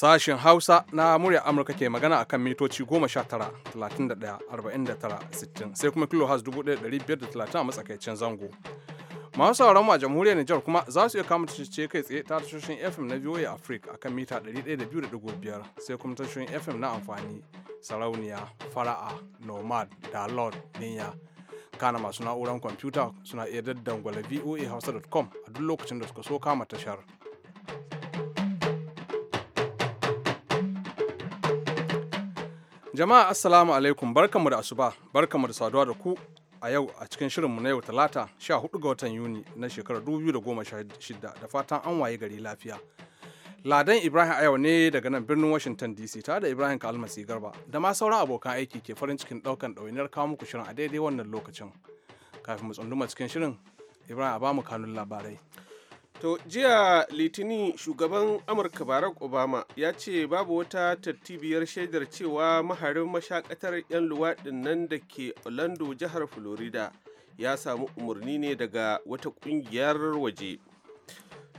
Sashen Hausa na murya Amurka ke magana a kan mitoci 19-31-49-60 sai kuma kilohaz 1530 a matsakaicin zango. Masu sauran mu a jamhuriyar Nijar kuma za su iya kama tashoce kai tsaye ta tashoshin FM na VOA Africa akan mita 102.5 sai kuma tashoshin FM na amfani sarauniya, fara'a, nomad, lord, niya. Kana masu na'uran kwamfuta suna iya daddangwala voahausa.com a duk lokacin da suka so kama tashar. Jama'a Assalamu alaikum barkamu da asuba barkamu da saduwa da ku a yau a cikin shirinmu na yau talata 14 ga watan Yuni na shekarar 2016 da fatan an waye gari lafiya. Ladan Ibrahim a yau ne daga nan birnin Washington DC tare da Ibrahim Kalmasi Garba da ma sauran abokan aiki ke farin cikin daukan ɗawainiyar kawo muku shirin a daidai wannan lokacin. Kafin mu tsunduma cikin shirin, Ibrahim a bamu kanun labarai. To jiya litinin shugaban Amurka Barack Obama ya ce babu wata tattibiyar shaidar cewa maharin mashakatar 'yan luwaɗin nan da ke Orlando jihar Florida ya samu umarni ne daga wata ƙungiyar waje.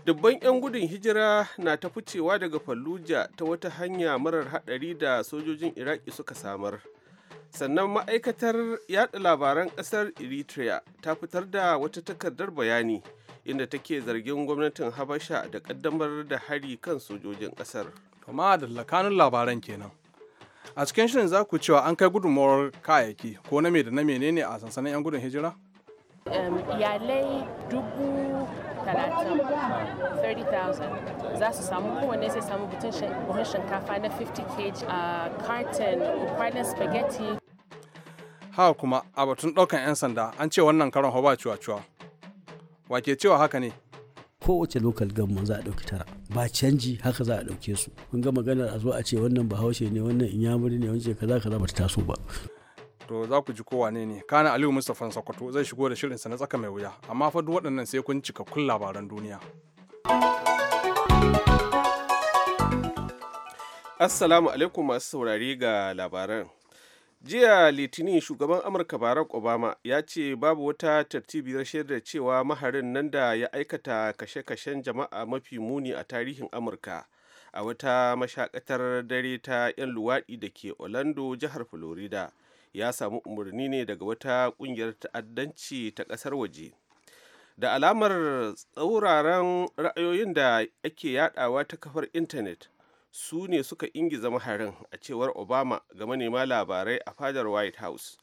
Dubban 'yan gudun hijira na ta ficewa daga Fallujah ta wata hanya marar haɗari da sojojin Iraki suka samar. sannan ma'aikatar yada labaran ƙasar eritrea ta fitar da wata takardar bayani inda take zargin gwamnatin habasha da kaddamar da hari kan sojojin kasar kama da lakanun labaran kenan a cikin shirin za ku cewa an kai gudunmawar kayayyaki ko na me da na menene a sansanin 'yan gudun hijira iyalai dubu talatin 30,000 za su samu kowane sai samu buhun shinkafa na 50 kg a carton kwanan spaghetti Ha kuma a batun ɗaukan 'yan sanda an ce wannan karon hoba cuwa-cuwa wake cewa haka ne kowace lokal government za a ɗauki tara ba canji haka za a ɗauke su kun ga maganar a zo a ce wannan bahaushe ne wannan inyamuri ne wancan kaza kaza ba ta taso ba to za ku ji kowa ne ne kana aliyu mustapha sokoto zai shigo da shirinsa na tsaka mai wuya amma fa duk waɗannan sai kun cikakkun labaran duniya assalamu alaikum masu saurari ga labaran jiya litinin shugaban amurka barack obama ya ce babu wata tartibiyar shaidar cewa maharin nan da ya aikata kashe-kashen jama'a mafi muni a tarihin amurka a wata mashakatar dare ta 'yan luwaɗi da ke orlando jihar florida ya samu umarni ne daga wata ƙungiyar ta'addanci ta ƙasar waje da alamar tsauraran ra'ayoyin da ake yadawa ta kafar intanet su ne suka ingiza maharin a cewar obama ga manema labarai a fadar white house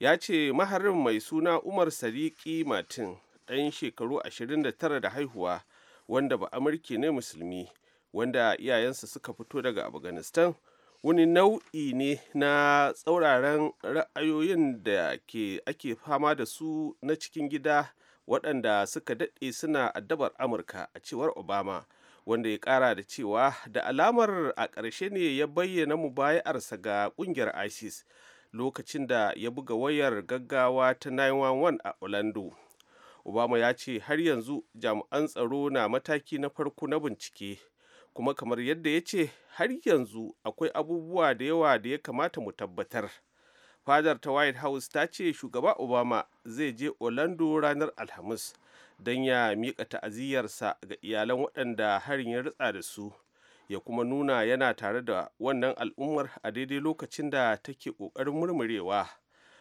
ya ce maharin mai suna umar sadiki martin ɗan shekaru 29 da haihuwa wanda ba amurki ne musulmi wanda iyayensa suka fito daga afghanistan wani nau'i ne na tsauraran ra'ayoyin da ake fama da su na cikin gida waɗanda suka daɗe suna addabar amurka a cewar obama wanda ya kara da cewa da alamar a ƙarshe ne ya bayyana mu bayarsa ga ƙungiyar isis lokacin da ya buga wayar gaggawa ta 911 a orlando obama ya ce har yanzu jami'an tsaro na mataki na farko na bincike kuma kamar yadda ya ce har yanzu akwai abubuwa da yawa da ya kamata mu tabbatar fadar ta white house ta ce shugaba obama zai je orlando ranar alhamis don ya miƙa ta'aziyyarsa ga iyalan waɗanda harin ya ritsa da su ya kuma nuna yana tare da wannan al'ummar a daidai lokacin da take ƙoƙarin murmurewa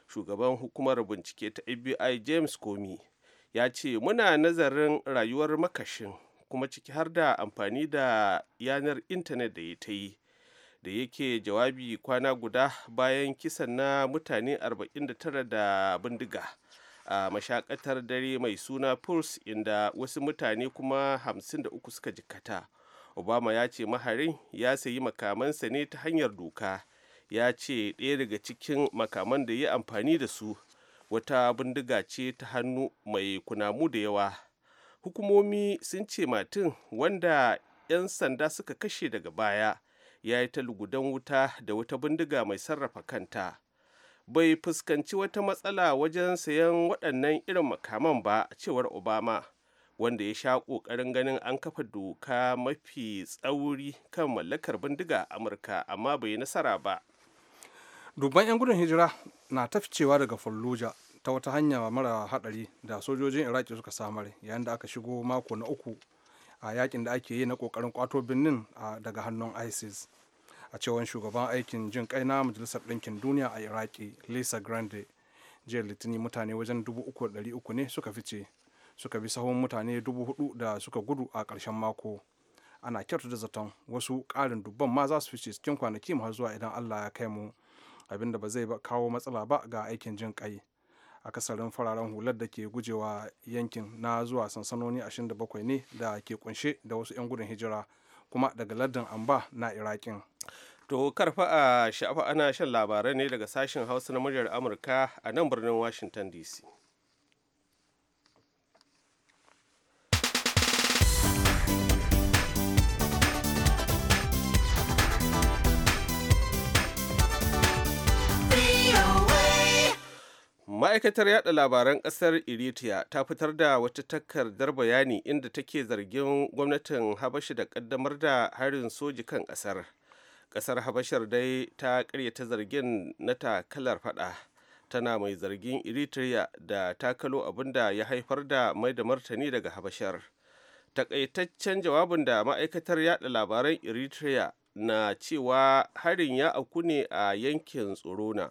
shugaban hukumar bincike ta fbi james comey ya ce muna nazarin rayuwar makashin kuma ciki har da amfani da yanar intanet da ya ta yi da yake jawabi kwana guda bayan kisan na mutane 49 da bindiga a mashakatar dare mai suna pulse inda wasu mutane kuma 53 suka jikkata obama ya ce maharin ya sayi makamansa ne ta hanyar doka ya ce ɗaya daga cikin makaman da ya amfani da su wata bindiga ce ta hannu mai kunamu da yawa hukumomi sun ce matin wanda 'yan sanda suka kashe daga baya ya yi ta lugudan wuta da wata bindiga mai sarrafa kanta bai fuskanci wata matsala wajen sayan waɗannan irin makaman ba cewar obama wanda ya sha ƙoƙarin ganin an kafa doka mafi tsauri kan mallakar bindiga a amurka amma bai nasara ba dubban 'yan gudun hijira na ta cewa daga fallujah ta wata hanya mara hadari da sojojin iraki suka samar yayin da aka shigo mako na uku a yakin da ake yi na kokarin kwato birnin daga hannun isis a cewar shugaban aikin jin kai na majalisar ɗinkin duniya a iraki lisa grande jiya litinin mutane wajen 3,300 ne suka fice suka bi sahun mutane 4,000 da suka gudu a ƙarshen mako ana kyautata da zaton wasu ƙarin dubban ma za su fice cikin kwanaki har zuwa idan allah ya kai mu abin da ba zai kawo matsala ba ga aikin jin kai a akasarin fararen hular da ke gujewa yankin na zuwa sansanoni 27 ne da ke kunshe da wasu 'yan gudun hijira kuma daga lardin amba na irakin to karfa a sha'afa ana shan labarai ne daga sashen hausa na muryar amurka a nan birnin washington dc ma'aikatar yada labaran kasar eritrea ta fitar da wata takardar bayani inda take zargin gwamnatin habashi da kaddamar da harin soji kan kasar kasar habashar dai ta karyata zargin na takalar fada tana mai zargin eritrea da takalo abinda ya haifar da mai da martani daga habashar takaitaccen jawabin da ma'aikatar yada labaran eritrea na cewa harin ya auku ne a yankin tsorona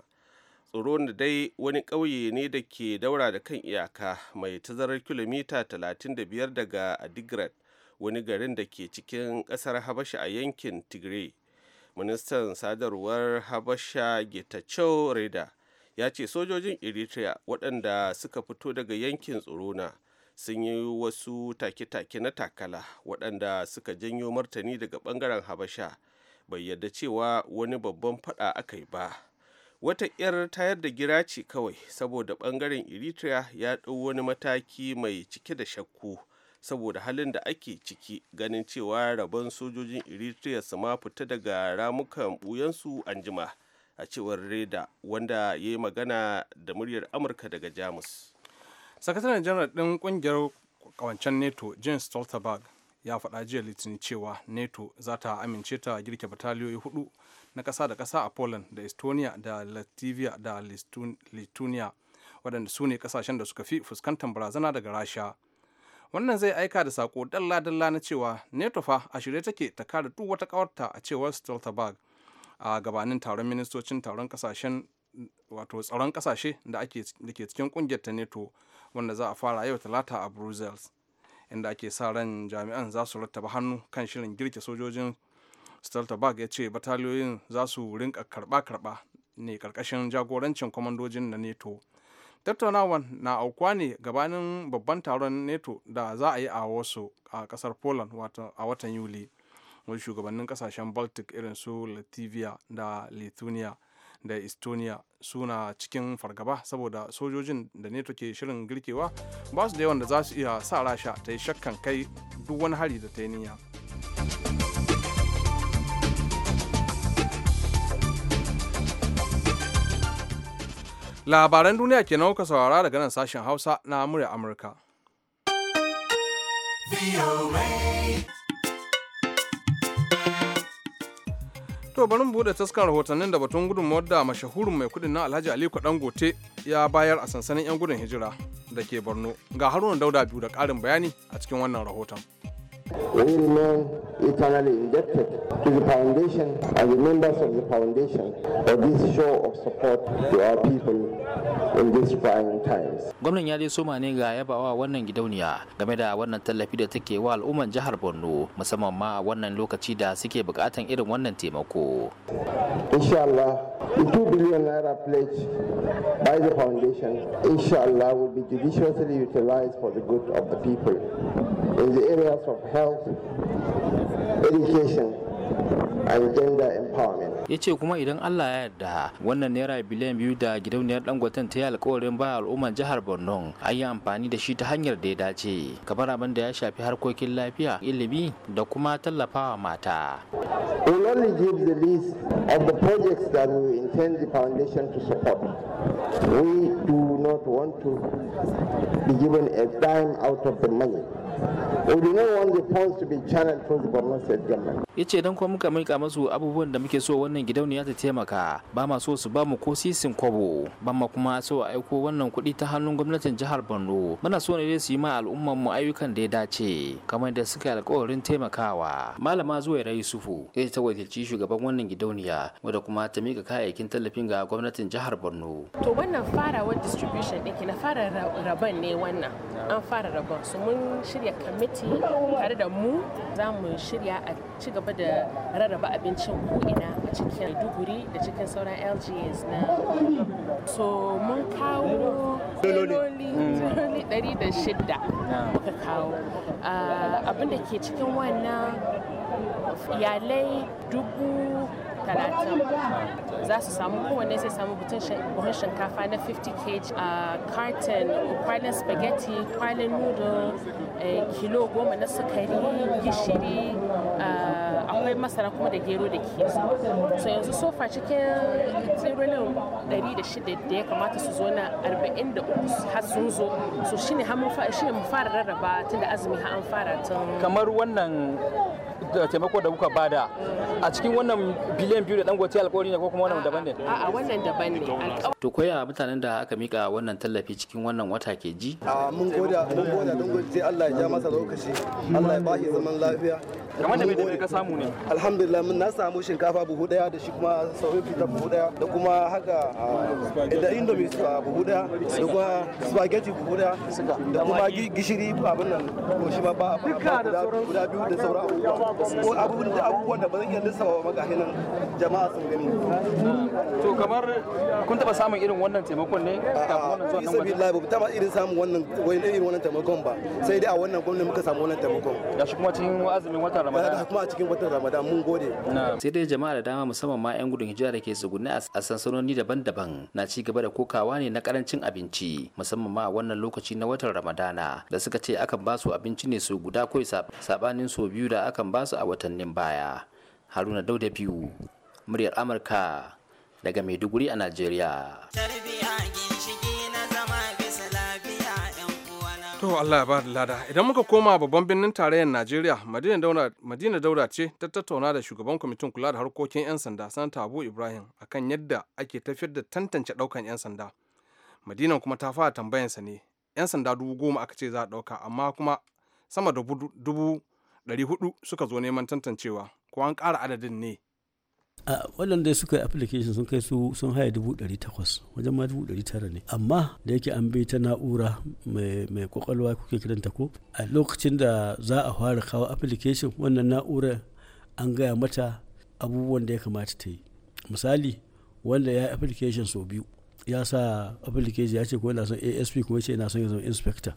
tsoron dai wani ƙauye ne da ke daura da kan iyaka mai tazarar kilomita 35 daga adigrat wani garin da ke cikin ƙasar habasha a yankin tigray ministan sadarwar habasha getachew reda ya ce sojojin eritrea waɗanda suka fito daga yankin tsorona sun yi wasu take-take na takala waɗanda suka janyo martani daga ɓangaren habasha bai yadda cewa wani babban fada aka yi ba wata 'yar tayar da gira ce kawai saboda bangaren eritrea ya ɗau wani mataki mai cike da shakku saboda halin da ake ciki ganin cewa rabon sojojin eritrea su ma fita daga ramukan buyansu anjima a cewar reda wanda ya yi magana da muryar amurka daga jamus sakataren janar ɗin ƙungiyar kawancen neto james stoltenberg ya faɗa jiya litinin cewa nato za ta amince ta girke bataliyoyi hudu na ƙasa da ƙasa a poland da estonia da latvia da lithuania waɗanda su ne ƙasashen da suka fi fuskantar barazana daga rasha wannan zai aika da sako dalla-dalla na cewa nato fa a shirye take ta kare duk wata kawarta a cewar stoltenberg a gabanin taron ministocin taron kasashen wato tsaron kasashe da ke cikin kungiyar ta nato wanda za a fara yau talata a brussels inda ake sa ran jami'an za su rattaba hannu kan shirin girke sojojin stoltenberg ya ce bataliyoyin za su rinka karba-karba ne karkashin jagorancin kwamandojin na neto tattaunawan na aukuwa ne gabanin babban taron neto da za a yi a wasu a kasar poland a watan yuli wani shugabannin kasashen baltic irin su latvia da lithuania da estonia suna cikin fargaba saboda sojojin da neto ke shirin girkewa ba su da yawan da za su iya sa rasha ta yi shakkan kai duk wani hari da ta yi niyya labaran duniya ke nauka saurara daga nan sashen hausa na murya amurka To bari mu bude taskan rahotannin da batun gudun wadda mashahurin mai kudin na Alhaji Aliko Dangote ya bayar a sansanin 'yan gudun hijira da ke Borno. Ga Haruna Dauda biyu da ƙarin bayani a cikin wannan rahoton. We remain eternally indebted to the foundation and the members of the foundation for this show of support to our people in these trying times. Gwamnan ya dai soma ne ga yabawa wannan gidauniya game da wannan tallafi da take wa al'umman jihar Borno musamman ma a wannan lokaci da suke bukatan irin wannan taimako. Insha Allah, the 2 billion naira pledge by the foundation, insha Allah will be judiciously utilized for the good of the people in the areas of health health, education, and gender empowerment. ya ce kuma idan allah ya yarda wannan naira biliyan biyu da gidauniyar dangwatan ta yi alkawarin baya al'ummar jihar borno an yi amfani da shi ta hanyar da ya dace kamar abin da ya shafi harkokin lafiya ilimi da kuma tallafawa mata we only give the list of the projects that we intend the foundation to support we do not want to be given a dime out of the money. We do not want the funds to be channeled through the government said government. Ya ce don kuma muka mika masu abubuwan da muke so wannan gidauniya ta taimaka ba ma so su ba mu ko sisin kwabo ba ma kuma so a aiko wannan kuɗi ta hannun gwamnatin jihar Borno. Muna so ne su yi ma al'umman mu ayyukan da ya dace kamar da suka alƙawarin taimakawa. Malama Zuwaira Yusufu ita ta wakilci shugaban wannan gidauniya wanda kuma ta mika kayayyakin tallafin ga gwamnatin jihar Borno. To wannan farawar distribution contribution ɗin na fara rabon ne wannan an fara rabon su mun shirya kamiti tare da mu za mu shirya a ci gaba da rarraba abincin ko'ina a cikin duguri da cikin sauran lgs na so mun kawo loli mm. ɗari da shida muka kawo ah, abinda ke cikin wannan iyalai dubu talatin za su samu kowanne sai samu buhun shinkafa na 50 kg a carton kwalin spaghetti kwalin noodle kilo goma na sukari gishiri akwai masara kuma da gero da ke. so yanzu sofa cikin tsibirin 106 da ya kamata su zo na 43 har sun zo so shine mu fara rarraba tun da azumi har an fara tun kamar wannan taimako da kuka bada a cikin wannan biliyan biyu da dangote alkawari ne ko kuma wannan daban ne a'a wannan daban ne to koya mutanen da aka mika wannan tallafi cikin wannan wata ke ji a mun goda mun goda dangote Allah ya ja masa lokaci Allah ya bashi zaman lafiya kamar da me ka samu ne alhamdulillah mun na samu shinkafa buhu daya da shi kuma sauyin fita buhu daya da kuma haka da indomie buhu daya da kuma spaghetti buhu daya da kuma gishiri abin nan ko shi ba ba guda biyu da sauran abubuwa abubuwan da ba zan iya lissafa ba hinan jama'a sun gani to kamar kun taba samun irin wannan taimakon ne taba irin samun wannan wani irin wannan taimakon ba sai dai a wannan gwamnati muka samu wannan taimakon kuma cikin azumin watan ramadan kuma a cikin watan ramadan mun gode sai dai jama'a da dama musamman ma yan gudun hijira da ke tsugunne a sansanoni daban-daban na ci gaba da kokawa ne na karancin abinci musamman ma wannan lokaci na watan ramadana da suka ce akan ba su abinci ne su guda kawai sabanin so biyu da akan ba su a watannin baya haruna dauda biyu muryar amurka daga maiduguri a najeriya To Allah ya ba lada. Idan muka koma babban birnin tarayyar Najeriya, Madina Daura ce ta tattauna da shugaban kwamitin kula da harkokin 'yan sanda Sanata Abu Ibrahim akan yadda ake tafiyar da tantance daukan 'yan sanda. Madina kuma ta fara tambayansa ne, 'yan sanda dubu goma aka ce za a dauka, amma kuma sama da dubu 400 suka zo neman tantancewa ko an ƙara adadin ne a waɗanda suka yi application sun kai su sun haya dubu ɗari takwas wajen ma dubu ɗari tara ne amma da yake an bi ta na'ura mai kwakwalwa kuke kiranta ko a lokacin da za a fara kawo application wannan na'urar an gaya mata abubuwan da ya kamata ta yi misali wanda ya yi application sau biyu ya sa application ya ce ko yana son asp kuma ya ce yana son ya zama inspector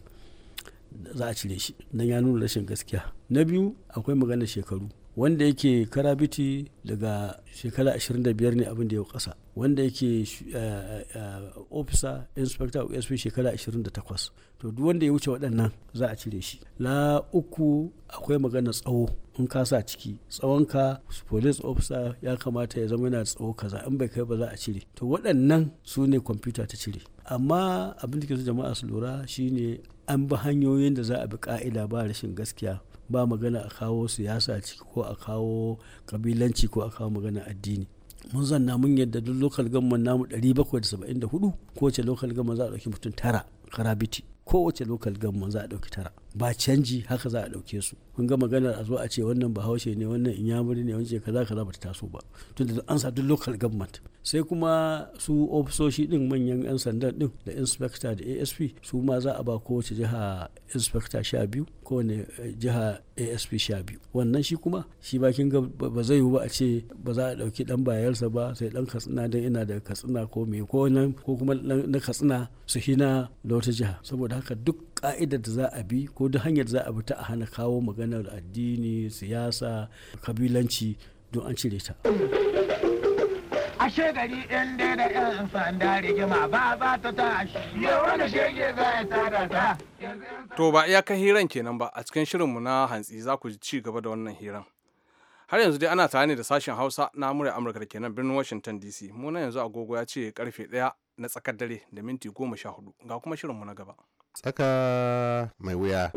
za a cire shi don ya nuna rashin gaskiya na biyu akwai maganar shekaru wanda yake karabiti daga shekara 25 ne abin da ya kasa wanda yake eh, eh, ofisa inspector sp shekara 28 to duk wanda ya wuce waɗannan za a cire shi la uku akwai magana tsawo in ka sa ciki tsawonka police officer ya kamata ya zama yana tsawo kaza in bai kai ba za a cire to waɗannan su ne kwamfuta ta cire amma abin da ke so jama'a su lura shine an bi hanyoyin da za a bi ka'ida ba rashin gaskiya ba magana a kawo siyasa ciki ko a kawo kabilanci ko a kawo magana addini mun zanna mun yadda duk lokal gamman namu 774 kowace lokal gamman za a ɗauki mutum tara karabiti kowace lokal gamman za a ɗauki tara ba canji haka za a ɗauke su kun ga maganar a zo a ce wannan bahaushe ne wannan inyamuri ne wancan kaza kaza ba ta taso ba tun da an sa duk local government sai kuma su ofisoshi din manyan yan sandan din da inspector da asp su ma za a ba kowace jiha inspector sha biyu ko ne eh, jiha asp sha biyu wannan shi kuma shi ba kin ga ba zai yi ba a ce ba za a ɗauki ɗan bayarsa ba sai ɗan katsina don ina da katsina ko me ko nan ko kuma na katsina su hina da wata jiha saboda haka duk ka'idar da za a bi ko duk hanyar za a bi ta a hana kawo maganar addini siyasa kabilanci don an cire ta ashe gari yan dai da amfani sanda rigima ba za ta tashi yau wani shege za ya tada ta to ba iyakar hiran kenan ba a cikin shirinmu na hantsi za ku ci gaba da wannan hiran har yanzu dai ana tare ne da sashen hausa na murya amurka da kenan birnin washington dc muna yanzu agogo ya ce karfe daya na tsakar dare da minti goma sha hudu ga kuma shirinmu na gaba tsaka mai wuya.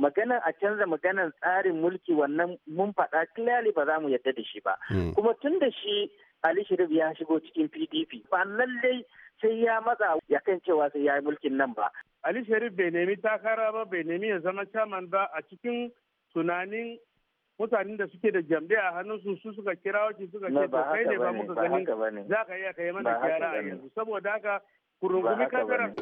maganan a canza maganar tsarin mulki wannan mun faɗa clearly ba za mu yadda da shi ba hmm. kuma tun da shi ali shirif ya shigo cikin pdp ba lallai sai ya matsa ya kan cewa sai ya yi mulkin nan ba ali shirif bai nemi takara ba bai nemi ya zama chairman ba a cikin tunanin mutanen da suke da jambe a hannunsu su suka kira wacce suka ce ba kai ne ba muka gani za ka iya kai mana kyara a yanzu saboda haka kurungumi kadara.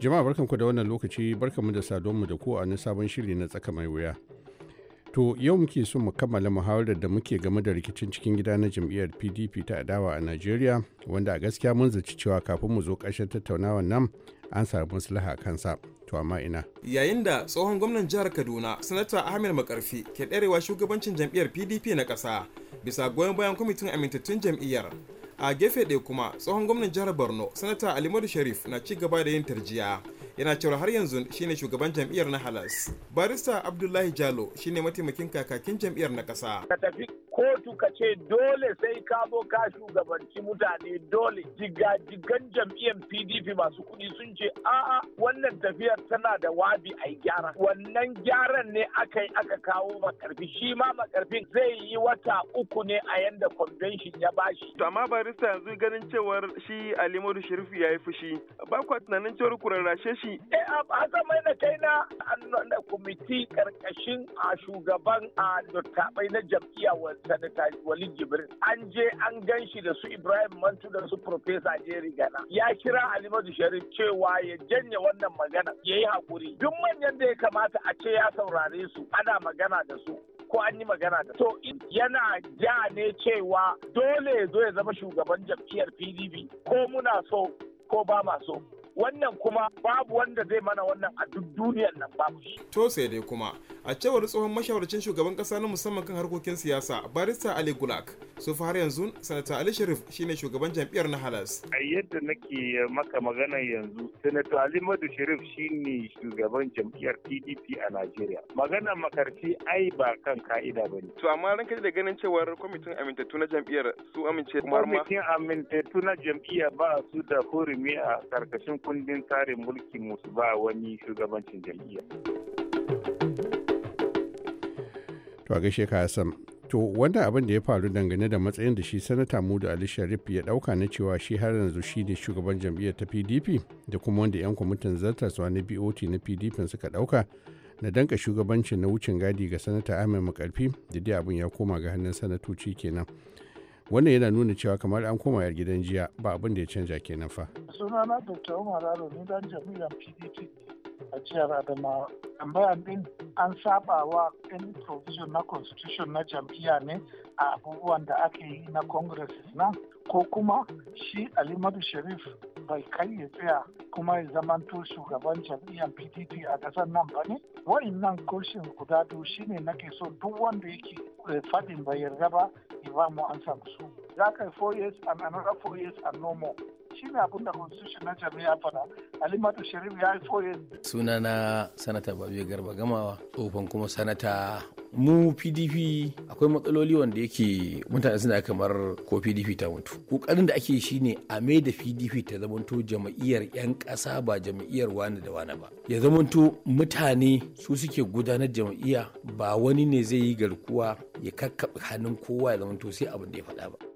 Jama'a barkanku da wannan lokaci mu da mu da ku a wani sabon shiri na tsaka mai wuya. To yau muke so mu kammala muhawarar da muke game da rikicin cikin gida na jam'iyyar PDP ta adawa a Najeriya wanda a gaskiya mun zaci cewa kafin mu zo ƙarshen tattaunawar nan an samu maslaha kansa. To amma ina. Yayin da tsohon gwamnan jihar Kaduna Sanata Ahmed Makarfi ke ɗarewa shugabancin jam'iyyar PDP na ƙasa bisa goyon bayan kwamitin amintattun jam'iyyar a gefe ɗaya kuma tsohon gwamnan jihar borno sanata alimadu sharif na ci gaba da yin tarjiya yana cewa har yanzu shine shugaban jam'iyyar na halas barista abdullahi jalo shine mataimakin kakakin jam'iyyar na ƙasa ka tafi kotu ka ce dole sai ka zo ka shugabanci mutane dole jigajigan jam'iyyar pdp masu kuɗi sun ce a'a wannan tafiyar tana da wabi a gyara wannan gyaran ne aka aka kawo makarfi shi ma makarfin zai yi wata uku ne a yanda convention ya bashi barista yanzu ganin cewar shi Ali Sharifu ya yi fushi. Ba kwa tunanin cewar ku shi. Eh a zamai na kai na kwamiti karkashin a shugaban a dattabai na jam'iyya wa sanata Wali Jibrin. An je an gan shi da su Ibrahim Mantu da su Profesa Jerry Gana. Ya kira Ali Sharif cewa ya janye wannan magana ya yi haƙuri. Duk manyan da ya kamata a ce ya saurare su ana magana da su. ko an yi magana da so yana ja ne cewa dole ya zo ya zama shugaban jam'iyyar pdp ko muna so ko ba ma so wannan kuma babu wanda zai mana wannan a duk duniyar nan babu shi. To sai dai kuma a cewar tsohon mashawarcin shugaban kasa na musamman kan harkokin siyasa barista Ali Gulak su har yanzu sanata Ali Sharif shine shugaban jam'iyyar na Halas. A yadda nake maka magana yanzu sanata Ali Madu Sharif shine shugaban jam'iyyar PDP a Najeriya. magana makarfi ai ba kan ka'ida ba ne. To amma kai da ganin cewar kwamitin amintattu na jam'iyyar su amince kuma. Kwamitin amintattu na jam'iyyar ba su da hurumi a karkashin kundin tsarin mulkin musu ba wani shugabancin jam'iyya. To a gaishe ka Hassan. To wanda abin da ya faru dangane da matsayin da shi sanata Mudu Ali Sharif ya dauka na cewa shi har yanzu shi ne shugaban jam'iyyar ta PDP da kuma wanda 'yan kwamitin zartaswa na BOT na PDP suka dauka na danka shugabancin na wucin gadi ga sanata Ahmed Makarfi da dai abin ya koma ga hannun sanatoci kenan. wannan yana nuna cewa kamar an koma yar gidan jiya ba abin da ya canja kenan fa suna na dr umar aro ni dan jami'an pdp a jihar adamawa tambayan din an saba wa yan provision na constitution na jam'iyya ne a abubuwan da ake yi na congress na, ko kuma shi alimadu sharif bai kai ya tsaya kuma ya zamanto shugaban jam'iyyar pdp a ƙasar nan ba ne nan koshin guda biyu shine nake so duk wanda yake eh, faɗin bai yarda ba in ba mu an samu su. four years and another four years and no more. shi ne abin da constitution na jami'a fada alimatu sharif ya yi sunana sanata babu garba gamawa tsofan kuma sanata mu pdp akwai matsaloli wanda yake mutane suna kamar ko pdp ta mutu kokarin da ake shi ne a mai da pdp ta zamanto jam'iyyar 'yan ƙasa ba jam'iyyar wani da wani ba ya zamanto mutane su suke gudanar jam'iyya ba wani ne zai yi garkuwa ya kakkaɓe hannun kowa ya zamanto sai abin da ya faɗa ba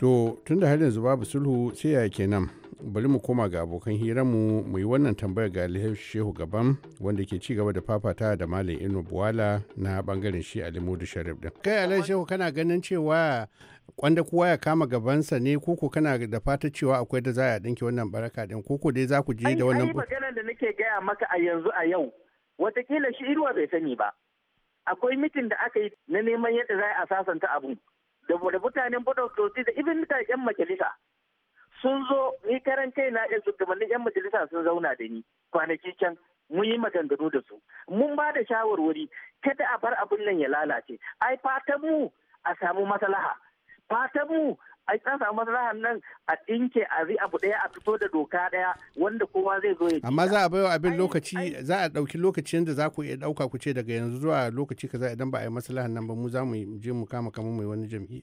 to tun da har yanzu babu sulhu sai ya kenan bari mu koma ga abokan hiranmu mu yi wannan tambayar ga shehu gaban wanda ke ci gaba da fafata da malam inu buwala na bangaren shi da sharif din kai alai shehu kana ganin cewa kwanda kowa ya kama gabansa ne koko kana da fata cewa akwai da za a dinki wannan baraka din koko dai za ku je da wannan maganar da nake gaya maka a yanzu a yau watakila shi irwa bai sani ba akwai mitin da aka yi na neman yadda za a sasanta abun da mutanen badautoti da ibin mutane yan majalisa sun zo ni karan kai na yan shugabannin yan majalisa sun zauna da ni kwanaki can mun yi maganganu da su mun ba da shawarwari kada a bar abin nan ya lalace ai fatan mu a samu maslaha fatan mu ai ta samu maslahan nan a ɗinke a ri abu ɗaya a fito da doka ɗaya wanda kowa zai zo ya amma za a bayo abin lokaci za a ɗauki lokacin da za ku iya ɗauka ku ce daga yanzu zuwa lokaci kaza idan ba a yi maslahan nan ba mu za mu je mu kama kamar mai wani jami'i.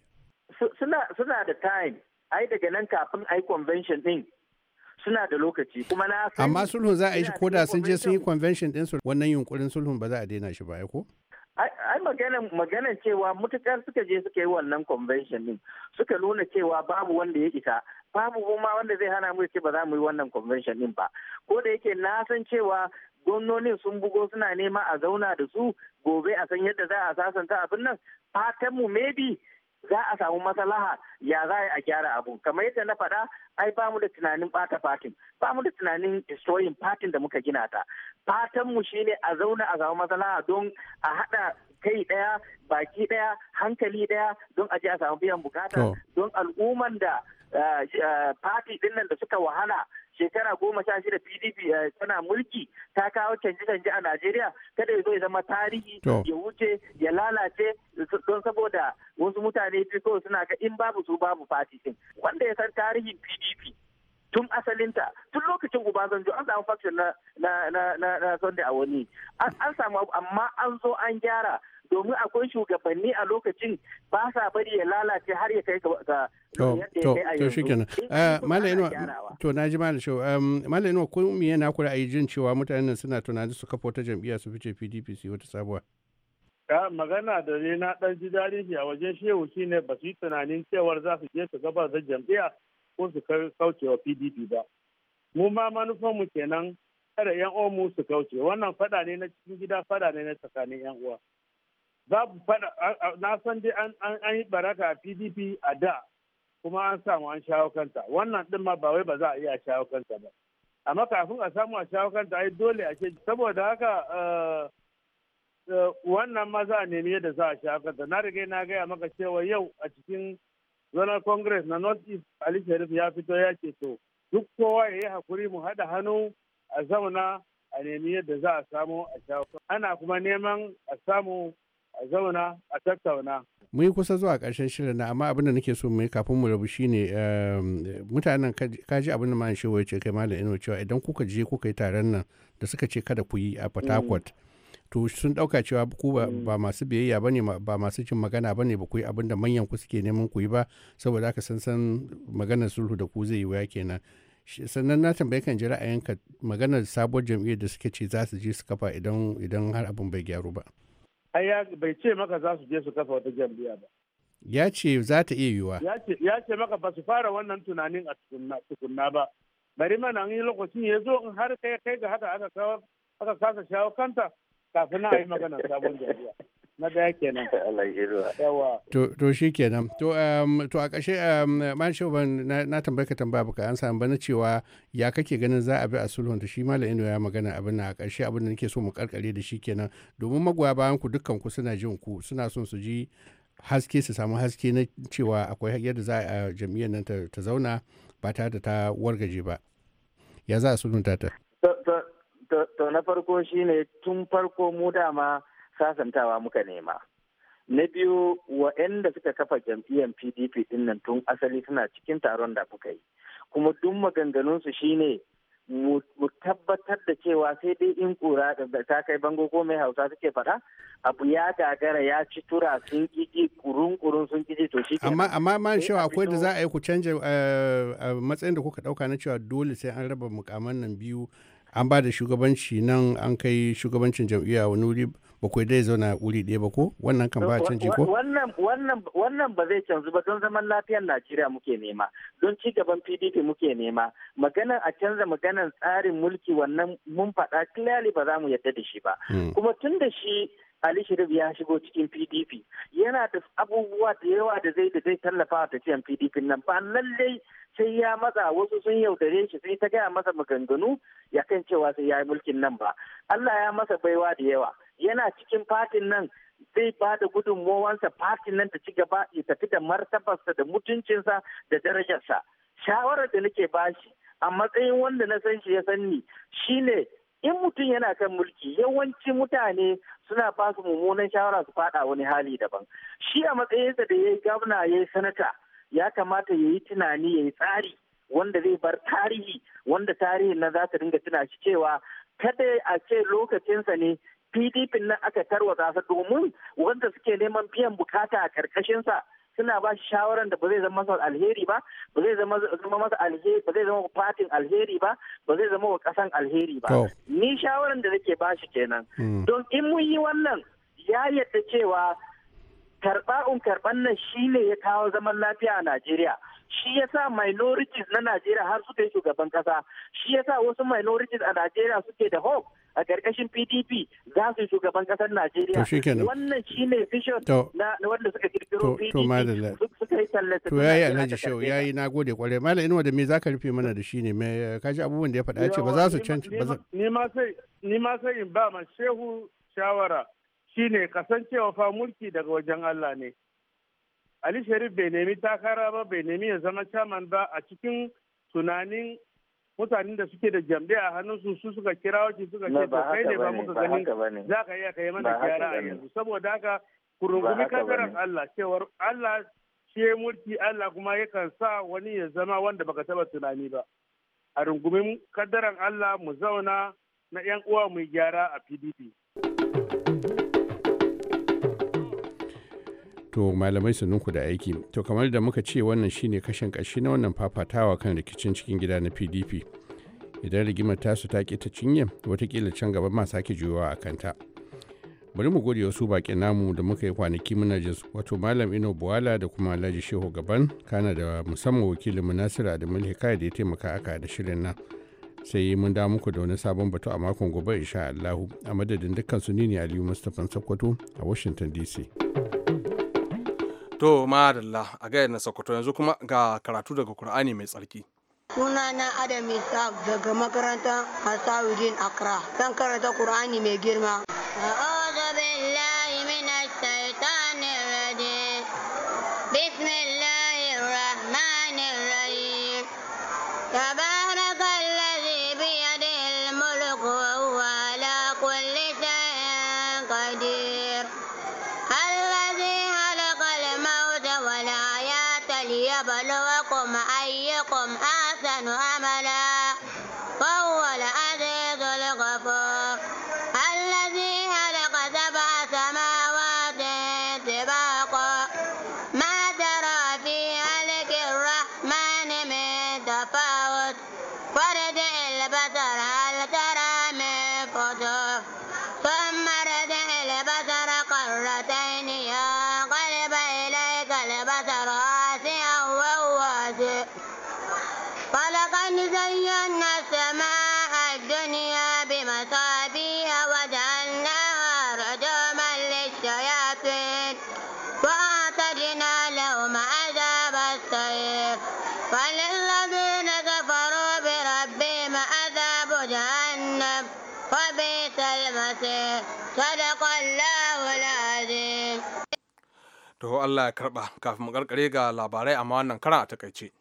suna suna da time ai daga nan kafin ai convention din suna da lokaci kuma na amma sulhun za a yi ko koda sun je sun yi convention din su wannan yunkurin sulhun ba za a daina shi ba ko ai magana cewa mutukar suka je suka yi wannan convention din suka nuna cewa babu wanda ya isa babu kuma wanda zai hana mu ce ba za mu yi wannan convention din ba ko da yake na san cewa gwamnonin sun bugo suna nema a zauna da su gobe a san yadda za a sasanta abin nan fatan mu maybe za a samu maslaha ya za a gyara abu kamar yadda na faɗa ai ba mu da tunanin bata fatin ba mu da tunanin destroying fatin da muka gina ta fatan mu shine a zauna a samu maslaha don a haɗa kai ɗaya baki ɗaya hankali ɗaya don a je a samu biyan bukata don al'umman da eh, eh, fati ɗinnan da suka wahala shekara goma sha shida pdp eh, tana mulki ta kawo canje-canje a najeriya kada ya zo ya zama tarihi ya wuce ya lalace don saboda wasu mutane biyu suna ga in babu su babu fati wanda ya san tarihin pdp tun asalinta tun lokacin ubasanjo an samu faction na na sunday a wani an samu amma an zo an gyara domin akwai shugabanni a lokacin ba sa bari ya lalace har ya kai ga to shi kenan eh, eh, to na ji malam shehu um, malam inuwa ko me yana ku a jin cewa mutanen suna tunanin su kafa wata jam'iyya su fice PDP su wata sabuwa ah, magana da ne na dan ji a wajen shehu shine ba su yi tunanin cewar za su je su gaba da jam'iyya ko su kaucewa PDP ba mu ma manufan mu kenan kada yan uwan mu su kauce wannan fada ne na cikin gida fada ne na tsakanin yan uwa babu fada na san dai an yi baraka pdp a da kuma an samu an shawo kanta wannan din ma ba wai ba za a iya shawo kanta ba amma kafin a samu a shawo kanta ai dole a ce saboda haka eh, eh, wannan ma za a nemi yadda za a shawo kanta na riga na gaya maka cewa yau a cikin zonal congress na north east ali sharif ya fito ya ce to duk kowa ya yi hakuri mu haɗa hannu a zauna a nemi yadda za a samu a shawo ana kuma neman a samu a zauna a tattauna. Mun yi kusa zuwa ƙarshen shirin na amma abin da nake so mu yi kafin mu rabu shine ehm, mutanen kaji abin da ma'an shi ce kai malam Ino cewa idan kuka je kuka yi taron nan da suka ce kada ku yi a Port mm. to sun ɗauka cewa ku ba mm. masu biyayya bane ba masu cin magana bane ba ku yi abin da manyan ku suke neman ku yi ba saboda haka san san maganar sulhu da ku zai yi wuya kenan sannan na tambaye kan ji ra'ayinka maganar sabuwar jam'iyyar da suka ce za su je su kafa idan har abin bai gyaru ba ai bai ce maka za su je su kafa wata jam'iyya ba ya ce za ta iya yiwuwa ya ce maka ba su fara wannan tunanin a tukunna ba bari mana an yi lokacin ya zo in har kai kai ga haka aka kasa shawo kanta kafin na yi magana sabon jam'iyya na daya kenan to shi kenan um, to a ƙashe um, man shoban na tambaye ka tambaya baka an samu bana cewa ya kake ganin za a bi a sulhun shi malam ino ya magana abin na ƙarshe abin da nake so mu karkare da shi kenan domin magoya bayan ku dukkan ku suna jin ku suna son su ji haske su samu haske na cewa akwai yadda za a jam'iyyar nan ta zauna ba tare da ta wargaje ba ya za a sulhunta ta to na farko shine tun farko mu dama sasantawa muka nema na biyu waɗanda suka kafa jam'iyyar pdp din nan tun asali suna cikin taron da kuka yi kuma duk maganganunsu shine mu tabbatar da cewa sai dai in kura da ta kai bango ko mai hausa suke faɗa abu ya gagara ya ci tura sun kiji kurun kurun sun kiji to shi amma amma man shawa akwai da za a yi ku canja eh, matsayin da kuka dauka na cewa dole sai an raba mukaman nan biyu an ba da shugabanci nan an kai shugabancin jam'iyya wani wuri bakwai dai zauna wuri ɗaya ba ko wannan kan ba a canji ko wannan ba zai canzu ba don zaman lafiyar Najeriya muke nema don ci gaban PDP muke nema maganan a canza maganan tsarin mulki wannan mun faɗa clearly ba za mu yadda da shi ba hmm. kuma tun da shi Ali Shirif ya shigo cikin PDP yana da abubuwa da yawa da zai da zai tallafa ta cikin PDP nan ba lallai sai ya matsa wasu sun yaudare shi sai ta gaya masa maganganu ya kan cewa sai ya yi mulkin nan ba Allah ya masa baiwa da yawa yana cikin fatin nan zai ba da gudunmowansa fatin nan ta ci gaba ya tafi da martabarsa da mutuncinsa da darajarsa shawarar da nake bashi a matsayin wanda na san shi ya san ni shine in mutum yana kan mulki yawanci mutane suna ba su mummunan shawara su fada wani hali daban shi a matsayinsa da ya yi gwamna ya yi sanata ya kamata ya yi tunani ya yi tsari wanda zai bar tarihi wanda tarihin na za ta dinga tuna shi cewa kada a ce lokacinsa ne pdp nan aka gasa domin wanda suke neman biyan bukata a karkashinsa suna ba shi shawaran da ba zai zama alheri ba ba zai zama masa alheri ba zai zama fatin alheri ba ba zai zama wa kasan alheri ba ni shawaran da nake ba shi kenan hmm. don in mun yi wannan ya yadda cewa karɓa un karɓan nan shi ne ya kawo zaman lafiya a Najeriya. Shi ya sa minorities na Najeriya har suka yi shugaban kasa Shi ya sa wasu minorities a Najeriya suke da hope a ƙarƙashin PDP za su yi shugaban ƙasar Najeriya. Wannan shi ne vision na wanda suka kirkiro PDP suka yi tallata. To yayi Alhaji shau yayi na gode kwarai. Malam Inuwa da me za ka rufe mana da shi ne me kaji abubuwan da ya faɗa ce ba za su canci ba. Ni ma sai ni ma sai in ba ma Shehu shawara shine kasancewa fa mulki daga wajen Allah ne. Ali Sharif bai nemi takara ba bai nemi ya zama caman ba a cikin tunanin mutanen da suke da jambe a hannunsu su suka kira wace suka ce to kai ne ba muka gani za ka iya kai mana gyara a yanzu saboda haka ku rungumi kadarar Allah cewar Allah shi ya mulki Allah kuma yakan sa wani ya zama wanda baka taba tunani ba a rungumin kadarar Allah mu zauna na 'yan uwa mu gyara a PDP. To malamai su nuku da aiki. To kamar da muka ce wannan shine kashin kashi na wannan fafatawa kan rikicin cikin gida na PDP. Idan rigimar tasu ta ta cinye watakila can gaba ma sake juyawa a kanta. Bari mu gode wasu baƙi namu da muka yi kwanaki muna jinsu wato Malam Ino Buwala da kuma Alhaji Shehu Gaban kana da musamman wakilin mu Nasiru Adamu Hikaya da ya taimaka aka da shirin nan. sai mun da muku da wani sabon batu a makon gobe insha Allahu a madadin dukkan su ne Aliyu Mustapha Sokoto a Washington DC. To madalla a gayar na Sokoto yanzu kuma ga karatu daga Kur'ani mai tsarki. Sunana Adam Isaac daga makarantar Asawudin Accra. Zan karanta Kur'ani mai girma. ko Allah ya karba kafin mu karkare ga labarai amma wannan karan a takaice.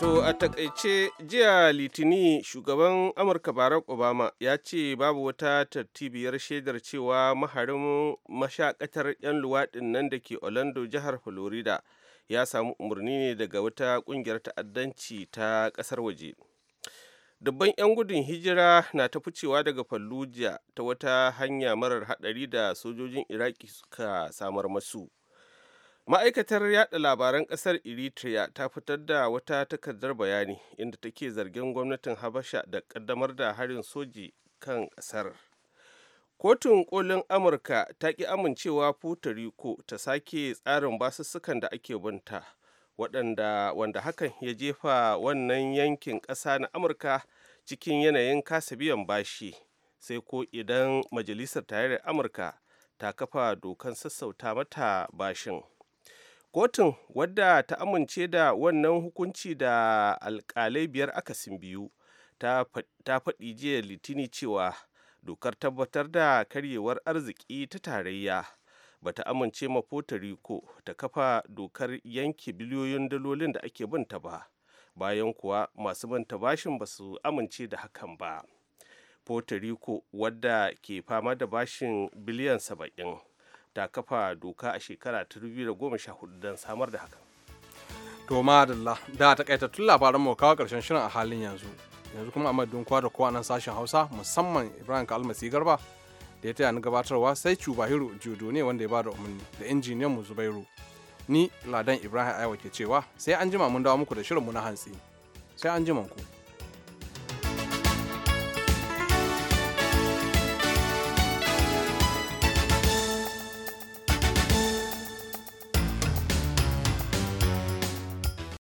To a takaice jiya litini shugaban Amurka Barack Obama ya ce babu wata tartibiyar shaidar cewa maharin mashakatar 'yan luwaɗin nan da ke Orlando jihar Florida ya samu umarni ne daga wata ƙungiyar ta'addanci ta ƙasar waje. dubban 'yan gudun hijira na ta ficewa daga fallujah ta wata hanya marar hadari da sojojin iraki suka samar masu ma'aikatar yada labaran kasar eritrea ta fitar da wata takardar bayani inda take zargin gwamnatin habasha da kaddamar da harin soji kan kasar kotun kolin amurka ta ki amincewa puerto rico ta sake tsarin basussukan da ake bunta. waɗanda wanda hakan ya jefa wannan yankin ƙasa na amurka cikin yanayin kasa biyan bashi sai ko idan majalisar tarayyar amurka ta kafa dokan sassauta mata bashin kotun wadda ta amince da wannan hukunci da alkalai biyar akasin biyu ta faɗi jiya litini cewa dokar tabbatar da karyewar arziki ta tarayya ba ta amince ma Puerto Rico ta kafa dokar yanke biliyoyin dalolin da ake binta ba bayan kuwa masu binta bashin ba su amince da hakan ba. Puerto Rico wadda ke fama da bashin biliyan saba'in ta kafa doka a shekara ta 2014 don samar da hakan. To madalla da ta tun labaran mu kawo karshen shirin a halin yanzu. Yanzu kuma a madadin kowa da kowa nan sashen Hausa musamman Ibrahim Kalmasi Garba da ya taya ni gabatarwa sai cubahiru jodo ne wanda ya ba da umarni da injiniyan mu zubairu ni ladan ibrahim aiwa ke cewa sai an jima mun dawo muku da shirinmu na hantsi sai an jima ku